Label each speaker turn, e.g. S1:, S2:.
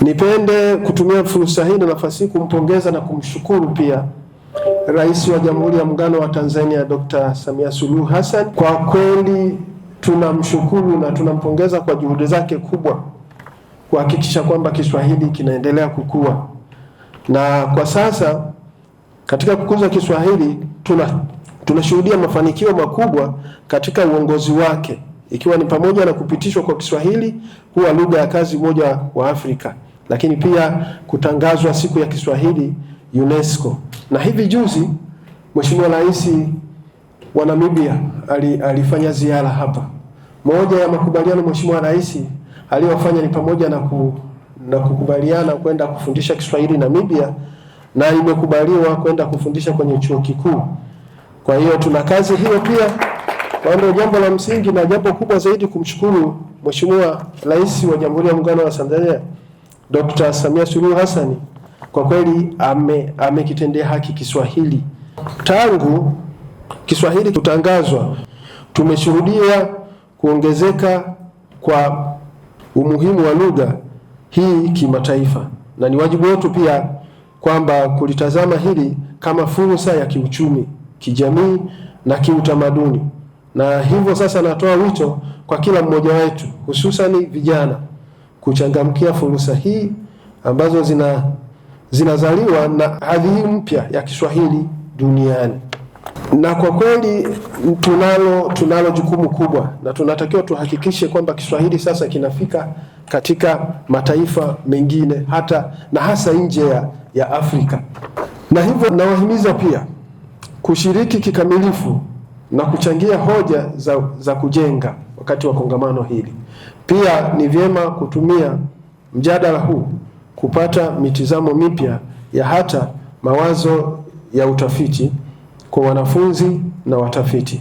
S1: Nipende kutumia fursa hii na nafasi hii kumpongeza na kumshukuru pia Rais wa Jamhuri ya Muungano wa Tanzania Dr. Samia Suluhu Hassan. Kwa kweli tunamshukuru na tunampongeza kwa juhudi zake kubwa kuhakikisha kwamba Kiswahili kinaendelea kukua, na kwa sasa katika kukuza Kiswahili tuna tunashuhudia mafanikio makubwa katika uongozi wake ikiwa ni pamoja na kupitishwa kwa Kiswahili kuwa lugha ya kazi moja wa Afrika lakini pia kutangazwa siku ya Kiswahili UNESCO. Na hivi juzi Mheshimiwa Rais wa Namibia alifanya ziara hapa. Moja ya makubaliano Mheshimiwa Rais aliyofanya ni pamoja na, ku, na kukubaliana kwenda kufundisha Kiswahili Namibia na imekubaliwa kwenda kufundisha kwenye chuo kikuu. Kwa hiyo tuna kazi hiyo pia, kwa ndio jambo la msingi na jambo kubwa zaidi kumshukuru Mheshimiwa Rais wa Jamhuri ya Muungano wa Tanzania Dkt. Samia Suluhu Hassan kwa kweli amekitendea ame haki Kiswahili. Tangu Kiswahili kutangazwa, tumeshuhudia kuongezeka kwa umuhimu wa lugha hii kimataifa, na ni wajibu wetu pia kwamba kulitazama hili kama fursa ya kiuchumi, kijamii na kiutamaduni. Na hivyo sasa, natoa wito kwa kila mmoja wetu, hususani vijana kuchangamkia fursa hii ambazo zina zinazaliwa na hii mpya ya Kiswahili duniani, na kwa kweli tunalo tunalo jukumu kubwa, na tunatakiwa tuhakikishe kwamba Kiswahili sasa kinafika katika mataifa mengine hata na hasa nje ya, ya Afrika, na hivyo nawahimiza pia kushiriki kikamilifu na kuchangia hoja za, za kujenga wakati wa kongamano hili. Pia ni vyema kutumia mjadala huu kupata mitizamo mipya ya hata mawazo ya utafiti kwa wanafunzi na watafiti.